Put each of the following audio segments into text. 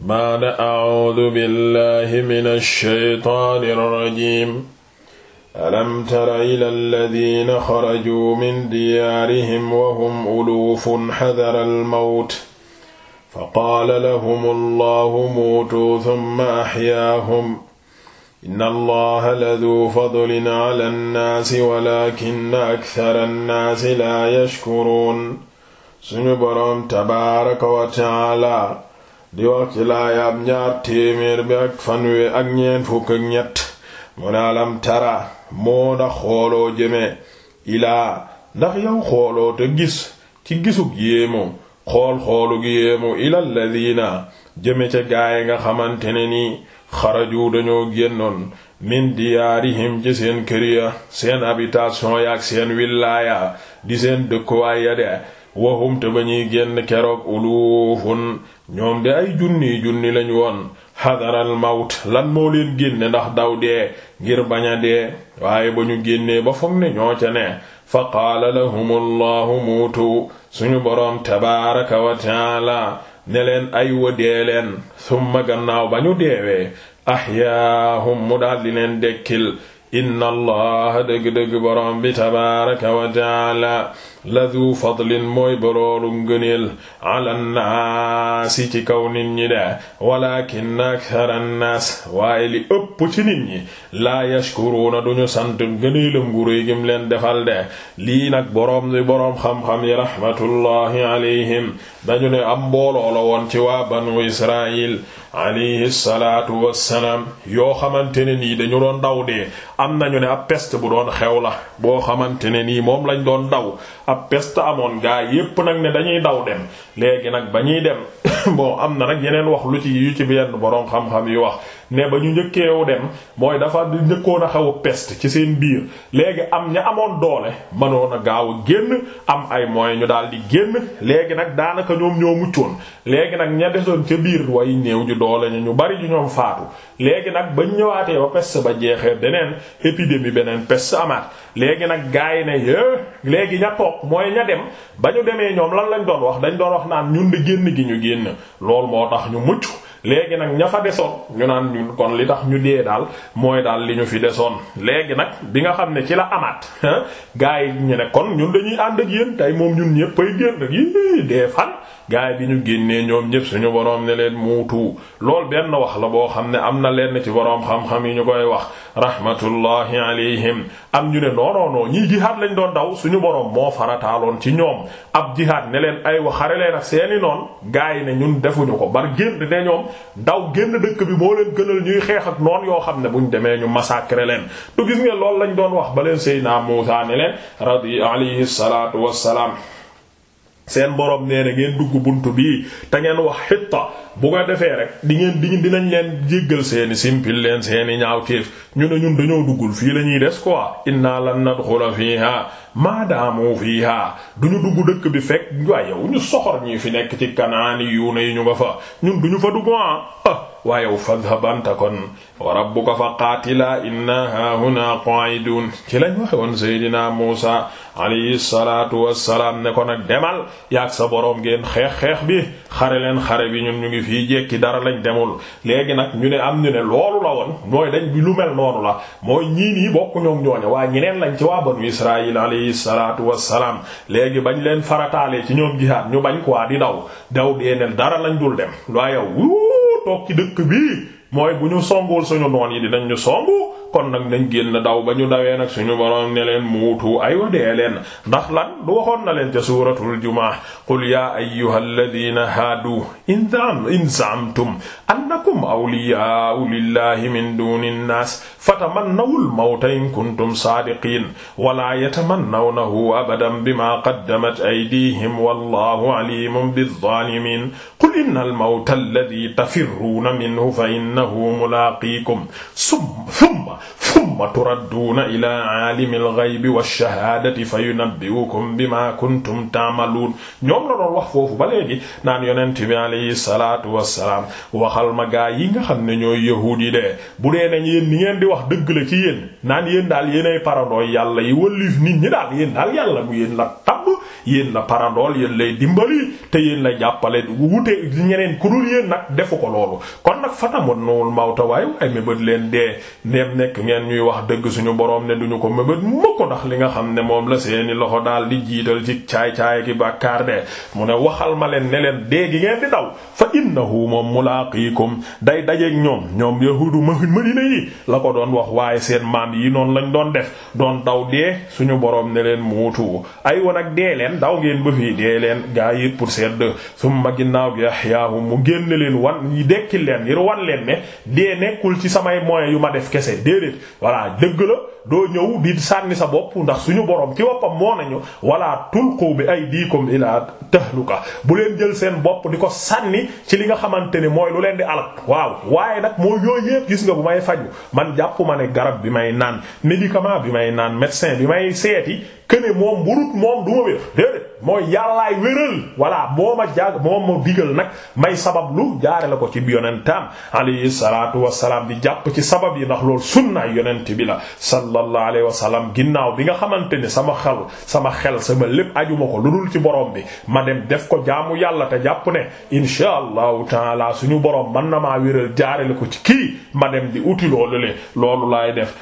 baada acuudu billahi min alshaytaani alrajim alam tara ila alladina xarajuu min diyaarihim wahum uluufun xadara almawt faqaala lahum allahu muutuu summa axyaahum inna allaha laduu fadlin cala annaasi walakina akthara annaasi laa yashkuruun suñu boroom tabaaraka wa tacaala di wax ci laayaab ñaar téeméer bi ak fanwe ak ñeent fukk ak ñett mu ne alam tara moo ndax xooloo jëmee ilaa ndax yow xooloo te gis ci gisug yéemu xool xoolug yéemu ilal ladina jëme ca gaay nga xamante ne nii xaraju dañoo génnoon min diyaarihim ci seen kër ya seen habitation ya ak seen willaaya di seen dëkkuwaay ya de wahum te ba ñuy génn keroog uluufun ñoom de ay junni junni lañ woon hadaral mawt lan moo leen génne ndax daw dee ngir bañ a dee waaye ba ñu génnee ba fom ne ñoo ca ne fa qaala lahumu allahu muutu suñu boroom tabaaraka wa taala ne leen ay wa dee leen summa gannaaw ba ñu deewee ahyaahum mu daal di leen dekkil inna allaha dëgg-dëgg boroom bi tabaaraka wa taala la du fadlin mooy borooru ngëneel ala naasi ci kaw nit ñi de walakin akthara nnaas waaye li ëpp ci nit ñi laa yashkuruuna duñu sant ngëneelam gu yi gim leen defal de lii nag boroom di boroom xam-xam yi rahmatullahi alayhim dañu ne am mbooloo la woon ci waa banu israil alayhi salaatu wassalaam yoo xamante ne nii dañu doon daw dee am nañu ne ab peste bu doon xew la boo xamante ne nii moom lañ doon daw ab peste amoon gaa yépp nag ne dañuy daw dem léegi nag ba ñuy dem bon am na nag yeneen wax lu ci yu ci benn boroom xam-xam yu wax ne ba ñu njëkkeewu dem mooy dafa njëkkoon a xaw a peste ci seen biir léegi am ña amoon doole mënoon a gaaw a génn am ay moyens ñu daal di génn léegi nag daanaka ñoom ñoo muccoon léegi nag ña desoon ca biir way néew ju doole ñu ñu bari ñu ñoom faatu léegi nag bañ ñëwaatee ba pest ba jeexee beneen épidémie beneen peste amaat léegi nag gaa yi ne yé léegi ña toog mooy ña dem ba ñu demee ñoom lan lañ doon wax dañu doon wax naan ñun di génn gi ñu génn loolu moo tax ñu mucc léegi nag ña fa desoon ñu naan ñun kon li tax ñu dee daal mooy daal li ñu fi desoon léegi nag bi nga xam ne ci la amaat gaa yi ñu ne kon ñun dañuy ànd ak yéen tey moom ñun ñëpp ay génn yi dee fan. gaay bi ñu génnee ñoom ñëpp suñu boroom ne leen muutu lool benn wax la boo xam ne am na leen ci boroom xam-xam yi ñu koy wax rahmatullahi alayhim am ñu ne noonoonoo ñii jihaad lañ doon daw suñu boroom moo farataaloon ci ñoom ab jihaad ne leen ay wax xare leen ak seeni noon gaay yi ne ñun defuñu ko bar génn ne ñoom daw génn dëkk bi moo leen gënal ñuy xeex ak noon yoo xam ne bu ñu demee ñu massacrer leen tu nga loolu lañ doon wax ba leen Seydina Muusa ne leen radi alayhi salaatu wassalaam seen borom nee na ngeen dugg bunt bii te ngeen wax xitta bu ko defee rek di di dinañ leen jéggal seeni simpil leen seeni ñaawteef ñu ne ñun dañoo duggul fii la ñuy des quoi inna lan nadxula fiha maadaamu fiha duñu dugg dëkk bi fekk waaye yow ñu soxor ñi fi nekk ci kanaani yu ne yi ñu nga fa ñun duñu fa dugg ah waaye yow fadhab anta kon wa rabbuka fa qaatila inna haahuna qaa'idun ci lañ waxe woon Seydina Muusa alayhi salaatu wassalaam ne ko nag demal yaag sa boroom ngeen xeex xeex bi xare leen xare bi ñun ñu ngi fii jekki dara lañ demul léegi nag ñu ne am ñu ne loolu la woon mooy dañ bi lu mel noonu la mooy ñii nii bokku ñoom ñooñe waa ñeneen lañ ci waa banu Israayil alayhi salaatu wassalaam léegi bañ leen farataale ci ñoom jihaad ñu bañ ko waa di daw daw deeneen dara lañ dul dem waaye toog ci dëkk bi mooy bu ñu songul suñu noon yi dinañ ñu songu kon nag nañ génn daw ba ñu dawee nag suñu borom ne leen muutu aywa dee leen ndax lan du waxoon na leen ca suuratul jumaa qul yaa ayyuhal ladiina haadu in zaam in zaamtum annakum awliyaa'u lillahi min duunin naas fatamannawul mawta in kuntum saadiqiin walaa yatamannawnahu abadan bimaa qaddamat aydiihim wallaahu aliimun bizzaalimiin qul innal mawta alladhii tafirruuna minhu fa inna annahu mulaaqiikum summa summa summa turadduuna ilaa aalimil ghaybi wash-shahaadati fayunabbi'ukum bimaa kuntum ta'maluun ñoom la doon wax foofu ba léegi naan yonent bi alayhi salaatu wassalaam waxal ma gaa yi nga xam ne ñooy yahuud yi de bu dee nañ yéen ni ngeen di wax dëgg la ci yéen naan yéen daal yéenay parandooy yàlla yi wëlif nit ñi daal yéen daal yàlla bu yéen la yéen la parandool yéen lay dimbali te yéen la jàppale wute ñeneen ku dul yéen nag defu ko loolu kon nag fa fatamoon nuwul mawta waaye waaye mébét leen dee ndeem nekk ngeen ñuy wax dëgg suñu boroom ne duñu ko mébét ko ndax li nga xam ne moom la seeni loxo daal di jiital ci caay-caay ki bàkkaar de mu ne waxal ma leen neleen leen dee gi ngeen di daw fa innahu moom mulaaqiikum day dajeek ñoom ñoom yahudu madina yi la ko doon wax waaye seen maam yi noonu lañ doon def doon daw dee suñu boroom ne leen muutu ay dee leen daw ngeen ba fii dee leen gaa yi pour sedd ma ginnaaw gi ahyaahum mu génn leen wan yi dekkil leen ngir wan leen ne dee nekkul ci samay moyens yu ma def kese déedéet voilà dëgg la doo ñëw di sànni sa bopp ndax suñu borom ci boppam moo nañu wala tulqu bi ay aydikum ila tahluka bu leen jël seen bopp di ko sànni ci li nga xamante ni mooy lu leen di alak waaw waaye nag moo yooyu yépp gis nga bu may faju man jàpp ma ne garab bi may naan médicament bi naan médecin bi may seeti këne moom burut moom du ma wér déedéet mooy yàllaay wéral voilà moo ma jàgg moom ma digal nag may sabab lu jaare la ko ci yonentam alayhi salatu wasalaam di jàpp ci sabab yi ndax loolu sunnaay yonent bi la sallallahu alayhi wasallam ginnaaw bi nga xamante ni sama xel sama xel sama lépp ajuma ko lu dul ci borom bi ma dem def ko jaamu yàlla te jàpp ne insha allahu taala suñu borom man na maa wéral jaare la ko ci kii ma dem di uti loolu le loolu laay def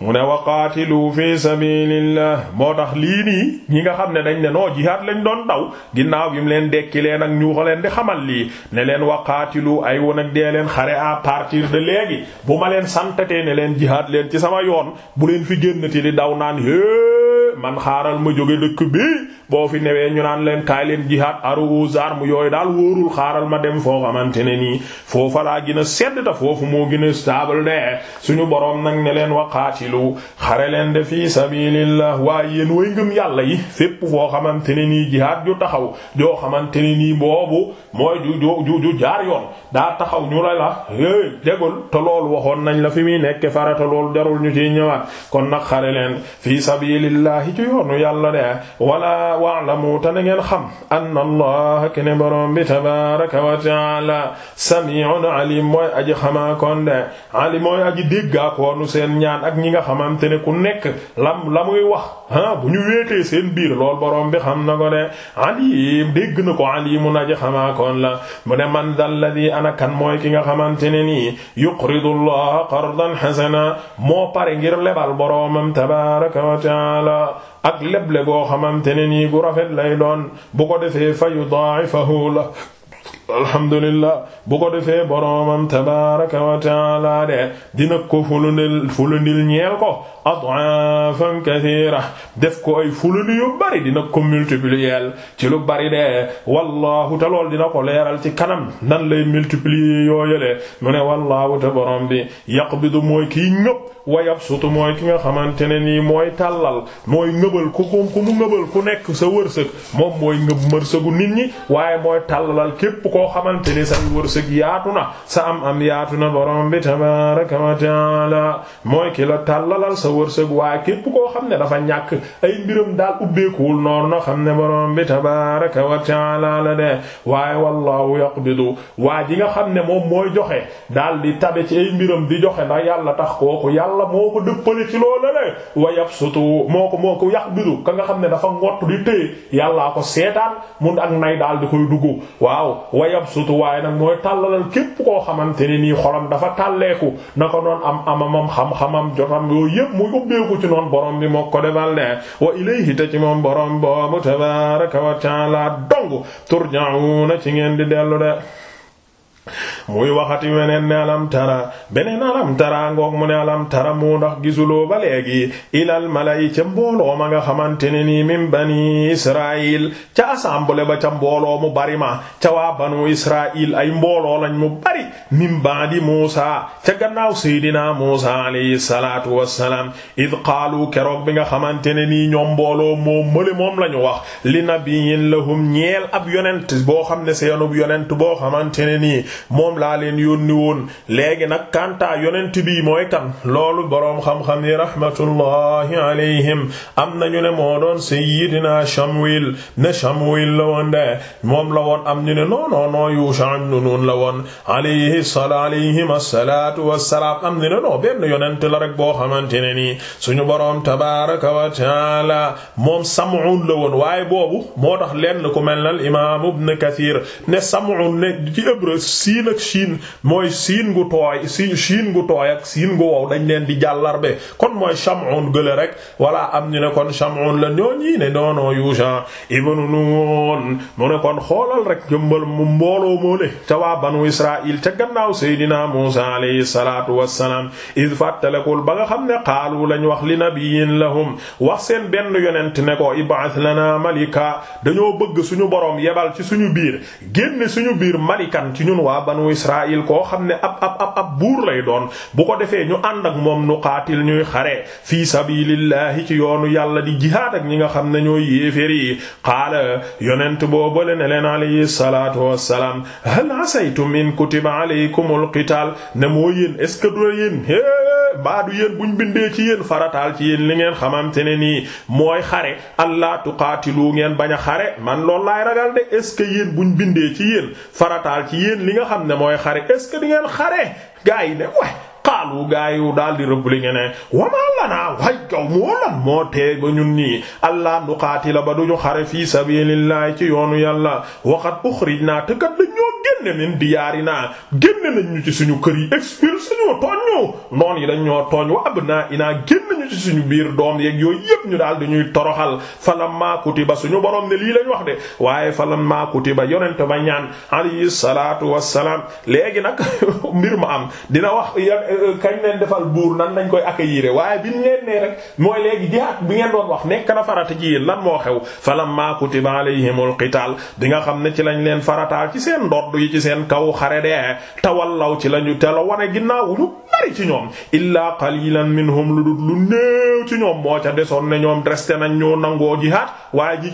mu ne wa qaatilu fi sabilillah moo tax lii nii ñi nga xam ne dañ ne noo jihaad lañ doon daw ginnaaw bi mu leen dekki leen ak ñu leen di xamal lii ne leen wa qaatilu ay won ak dee leen xare à partir de léegi bu ma leen santatee ne leen jihaad leen ci sama yoon bu leen fi génnati di daw naan hee man xaaral ma jóge dëkk bi boo fi newee ñu naan leen kaay leen jihaad aruuz arme yooyu daal wóorul xaaral ma dem foo xamante ne nii foofa gina gën sedd ta foofu moo gën a stable de suñu boroom nag ne leen waqaatilu xare leen de fi sabilillah waaye yéen way ngëm yàlla yi fépp foo xamante ne nii jihaad ju taxaw joo xamante ne nii boobu mooy ju ju ju jaar yoon daa taxaw ñu la la é jégul te loolu waxoon nañ la fi muy nekk farata loolu jarul ñu ciy ñëwaat kon na xare leen fii sabilillahi ci yoonu yàlla alaa a te na ngeen xam anna allah kene boroom bi tabaraka wa taala sami'un alim mooy aji xamaakoon de alim mooy aji seen ñaan ak ñi nga xamante ne ku nekk lam la wax ah bu ñu wéetee seen biir lool boroom bi xam na ko de alim dégg na ko alimun aji man dal ladhi ana ki nga xamante ne nii yuqridu allah qardan hasana moo pare ngir lebal boroomam tabaraka wa taala ak leble boo xamante ne nii gu rafet lay doon bu ko defee fa yudaa'ifahu la alhamdulillah bu ko defee boroomam tabaraka wa taala de dina ko fulundil fulundil ñeel ko def ko ay fulundi yu bari dina ko multiplier ci lu bari de wallahu te lool leeral ci kanam nan lay multiplier yooyale mu ne wallahu te borom bi yaqbidu mooy kii ñëpp wa yabsutu mooy ki nga xamante ne nii mooy tàllal mooy ngëbal ku ko ku mu ku nekk sa wërsëg moom mooy ngëb wërsëgu nit ñi waaye mooy tàllalal képp képp koo xamante ne say wërsëg yaatu na sa am am yaatu na borom bi tabaraka wa taala mooy ki la tàllalal sa wërsëg waaye képp koo xam ne dafa ñàkk ay mbiram daal ubbeekuwul noonu na xam ne borom bi tabaraka wa taala la de waaye wallahu yaqbidu waa ji nga xam ne moom mooy joxe daal di tabe ci ay mbiram di joxe ndax yàlla tax kooku yàlla moo ko dëppale ci loola le wa yabsutu moo ko moo ko yaqbidu ka nga xam ne dafa ngott di téye yàllaa ko seetaan mun ak nay daal di koy dugg wa yabsutu waaye nag mooy tàllalal képp koo xamante ne nii xolam dafa tàlleeku na ko noon am amamam xam-xamam jotam yooyu yëpp muy ubbeeku ci noon borom bi moo ko defal wa ilayhi ta ci moom borom boobu tabaaraka wa ta'aala dong turja'uuna ci ngeen di dellu de muy waxati weneen ne alam tara beneen alam tara ngoog mu ne alam tara mu ndax gisuloo ba léegi ilal malayi ca mbooloo ma nga xamante ne nii min bani israil ca assemblée ba ca mbooloo mu bari ma ca waa banu israil ay mbooloo lañ mu bari min baadi muusa ca gannaaw seydina muusa alayhi salaatu wassalaam id qaalu keroog bi nga xamante ne ni ñoom mbooloo moom mële moom lañu wax li nabiyyin lahum ñeel ab yonent boo xam ne seenub yonent boo xamante moom laa leen yónni woon léegi nag kanta yonent bi mooy kan loolu boroom xam-xam yi rahmatullahi alayhim am na ñu ne moo doon sayyidina Shamwil ne Shamwil la woon moom la woon am ñu ne non non non Yusha ibn Nun la woon alayhi sala alayhim asalaatu wassalaam am ñu ne non benn yonent la rek boo xamante ne nii suñu boroom tabaaraka wa taala moom Sam'un la woon waaye boobu moo tax leen ko mel na al imaam Ibn Kathir ne Sam'un ne ci hébreu siin ak siin mooy siin gu tooy si siin gu tooy ak siin gu wow dañ leen di jàllarbe kon mooy Shamun gële rek walla am ñu ne kon Shamun la ñoo ñii ne noonoo Yusha ibnu Nun mu ne kon xoolal rek jëmbal mu mbooloo moole ca waa banu Israil ca gannaaw Seydina Musa alayhi salaatu wassalaam id fàttalekul ba nga xam ne xaalu lañ wax li nabiyyin lahum wax seen benn yonent ne ko ib'ath lana malika dañoo bëgg suñu boroom yebal ci suñu biir génn suñu biir malikan ci ñun waa banu Israil koo xam ne ab ab ab ab buur lay doon bu ko defee ñu ànd ak moom nu qaatil ñuy xare fii sabilillahi ci yoonu yàlla di jihaad ak ñi nga xam ne ñooy yéeféer yi qaala yonent boobale ne leen alayhi salaatu wassalaam hal asaytum min kutiba alaykumul qitaal ne moo yéen est-ce que baadu yéen buñ bindee ci yen farataal ci yéen li ngeen xamante ne nii mooy xare allah tuqaatilu ngeen bañ a xare man loolu laay ragal de est-ce que yéen buñ bindee ci yéen farataal ci yéen li nga xam ne mooy xare est-ce que di ngeen xare gaa yi ne way xaalu gaa yu daal di rëbb li ngeen ne wamaa lanaa way gaw moo lan moo tee ba ñun ñii allah nuqaatila ba duñu xare fii ci yoonu yàlla waxat uxrijnaa te kat dañoo génne min diyaari naa lañ ñu ci suñu kër yi expulsé ñoo tooñ ñu noon yi dañ ñoo tooñ wa abnaa suñu biir doom yeeg yooyu yépp ñu daal di ñuy toroxal falam maa ba suñu borom ne lii lañ wax de waaye falam maa ba yonent ma ñaan alayhi salaatu wassalaam léegi nag mbir ma am dina wax euh, kañ leen defal buur nan nañ koy accueillir waaye biñ leen nee rek mooy léegi jihaat bi ngeen doon wax nekk na farata ci lan moo xew falam maa kutiba alayhimul qitaal di nga xam ne ci lañ leen farataa ci seen ndodd yi ci seen kaw xare tawal law ci lañu tela wane ginnaaw bari ci ñoom illaa qalilan minhum lu dul lu néew ñoom moo ca desoon ne ñoom resté nañ ñoo nangoo jihaad waaye ji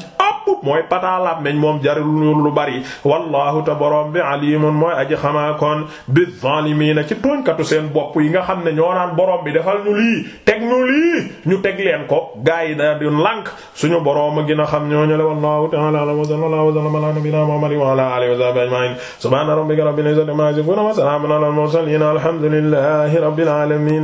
mooy pataalam nañ moom jarul ñu lu bari wallahu te borom bi alimun mooy aji xamaa kon bi zaalimiina ci tooñkatu seen bopp yi nga xam ne ñoo naan borom bi defal ñu lii teg ñu lii ñu teg leen ko gaa yi da duñ lànk suñu borom a gën a xam ñoo ñële wallahu ta'ala wa sallallahu wa sallama ala nabiyyina muhammadin wa ala alihi wa sahbihi ajma'in subhana rabbika rabbil izzati amma yasifun wa